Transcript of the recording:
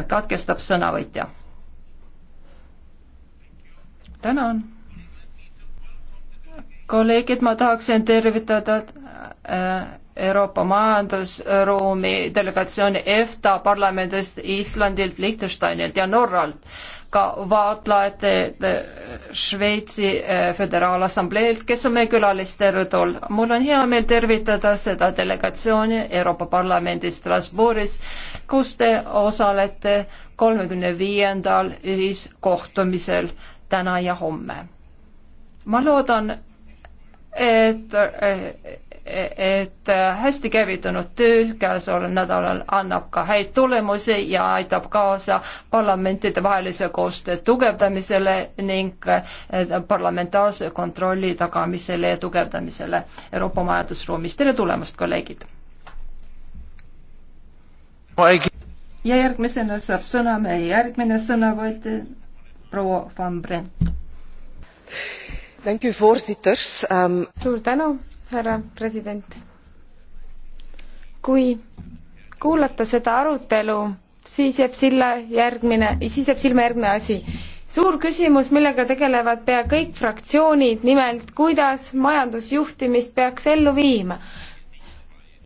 katkestab sõnavõtja. tänan. kolleegid, ma tahaksin tervitada äh, Euroopa Majandusruumi delegatsiooni EFTA parlamendist Islandilt, Liechtensteinilt ja Norralt ka vaatlejate Šveitsi eh, Föderaalassambleelt, kes on meie külalisterõdul. mul on hea meel tervitada seda delegatsiooni Euroopa Parlamendis Strasbourgis, kus te osalete kolmekümne viiendal ühiskohtumisel täna ja homme. ma loodan, et eh, et hästi käivitunud töö käesoleval nädalal annab ka häid tulemusi ja aitab kaasa parlamentidevahelise koostöö tugevdamisele ning eh, parlamentaarse kontrolli tagamisele ja tugevdamisele Euroopa majandusruumis. tere tulemast, kolleegid! ja järgmisena saab sõna meie järgmine sõnavõtja, proua Van Brent. Dank u voorzitters. Um... Suur tänu härra president. kui kuulata seda arutelu, siis jääb silla järgmine, siis jääb silma järgmine asi. suur küsimus, millega tegelevad pea kõik fraktsioonid, nimelt kuidas majandusjuhtimist peaks ellu viima